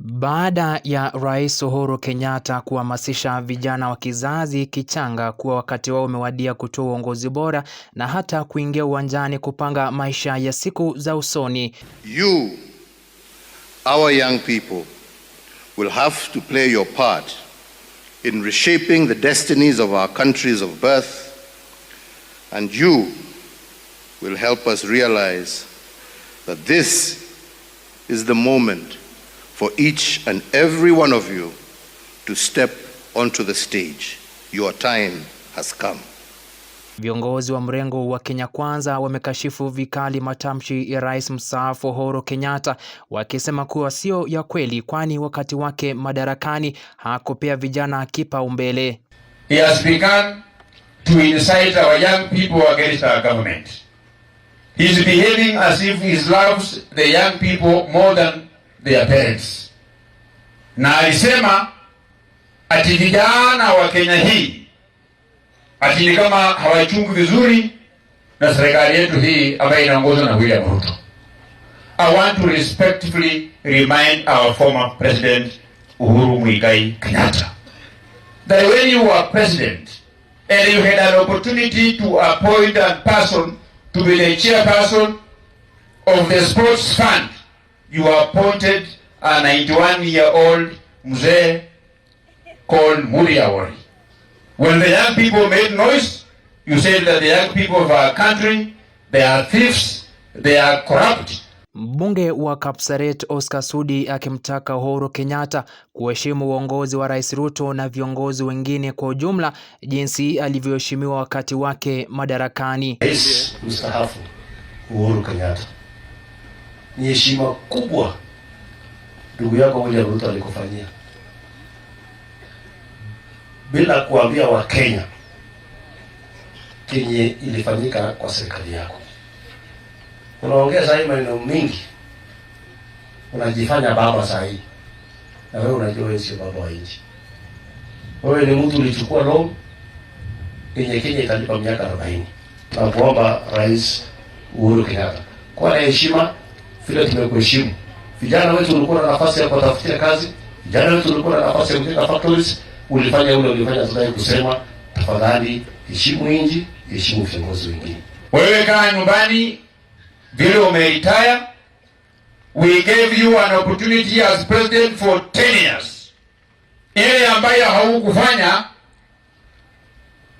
Baada ya Rais Uhuru Kenyatta kuhamasisha vijana wa kizazi kichanga kuwa wakati wao umewadia kutoa uongozi bora na hata kuingia uwanjani kupanga maisha ya siku za usoni. You, our young people, will have to play your part in reshaping the destinies of our countries of birth and you will help us realize that this is the moment for each and every one of you to step onto the stage. Your time has come. Viongozi wa mrengo wa Kenya Kwanza wamekashifu vikali matamshi ya Rais mstaafu Uhuru Kenyatta wakisema kuwa sio ya kweli kwani wakati wake madarakani hakupea vijana kipaumbele. He has begun to incite our young people against our government. He is behaving as if he loves the young people more than their parents, na alisema ati vijana wa Kenya hii ati ni kama hawachungu vizuri na serikali yetu hii ambayo inaongozwa na William Ruto. I want to respectfully remind our former president Uhuru Muigai Kenyatta that when you were president and you had an opportunity to appoint a person to be the chairperson of the sports fund you appointed a 91 year old mzee called Muriawari. When the young people made noise, you said that the young people of our country, they are thieves, they are corrupt. Mbunge wa Kapseret Oscar Sudi akimtaka Uhuru Kenyatta kuheshimu uongozi wa Rais Ruto na viongozi wengine kwa ujumla jinsi alivyoheshimiwa wakati wake madarakani. Rais mstaafu Uhuru Kenyatta ni heshima kubwa ndugu yako William Ruto alikufanyia, bila kuambia Wakenya kenye ilifanyika kwa serikali yako. Unaongea saa hii maneno mingi, unajifanya baba saa hii, na wewe unajua wewe sio baba wa nchi. Wewe ni mtu ulichukua loan yenye Kenya italipa miaka arobaini. Tunakuomba Rais Uhuru Kenyatta, kwa heshima vile tumekuheshimu. Vijana wetu walikuwa na nafasi ya kuwatafutia kazi, vijana wetu walikuwa na nafasi ya kujenga factories. Ulifanya ule ulifanya, zaidi kusema tafadhali, heshimu inji, heshimu viongozi wengine. Wewe kaa nyumbani vile umeitaya. We gave you an opportunity as president for 10 years, ile ambayo haukufanya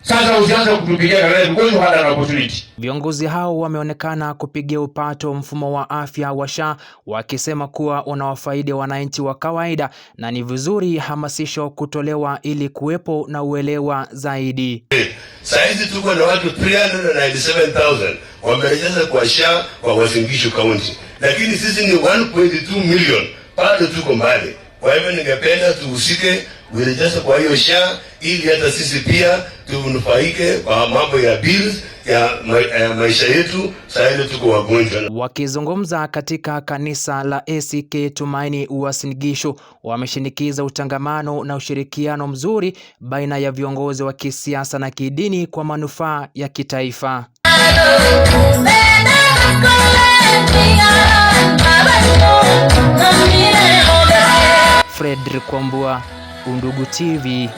sasa usianze kutupigia kelele mgonjwa hata na opportunity. Viongozi hao wameonekana kupigia upato mfumo wa afya wa SHA wakisema kuwa unawafaidi wananchi wa kawaida na ni vizuri hamasisho kutolewa ili kuwepo na uelewa zaidi. hizi tuko na watu 397,000 wamejaza kwa SHA kwa Uasin Gishu County, lakini sisi ni 1.2 million, bado tuko mbali. Kwa hivyo ningependa tuhusike uelezaza kwa hiyo sha, ili hata sisi pia tunufaike kwa mambo ya bills ya, ma, ya maisha yetu saa ile tuko wagonjwa. Wakizungumza katika kanisa la ACK Tumaini Uasin Gishu, wameshinikiza utangamano na ushirikiano mzuri baina ya viongozi wa kisiasa na kidini kwa manufaa ya kitaifa. Fredrick Kwambua Undugu TV.